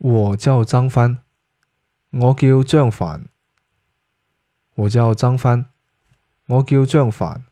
我叫張帆，我叫張帆，我叫張帆，我叫張帆。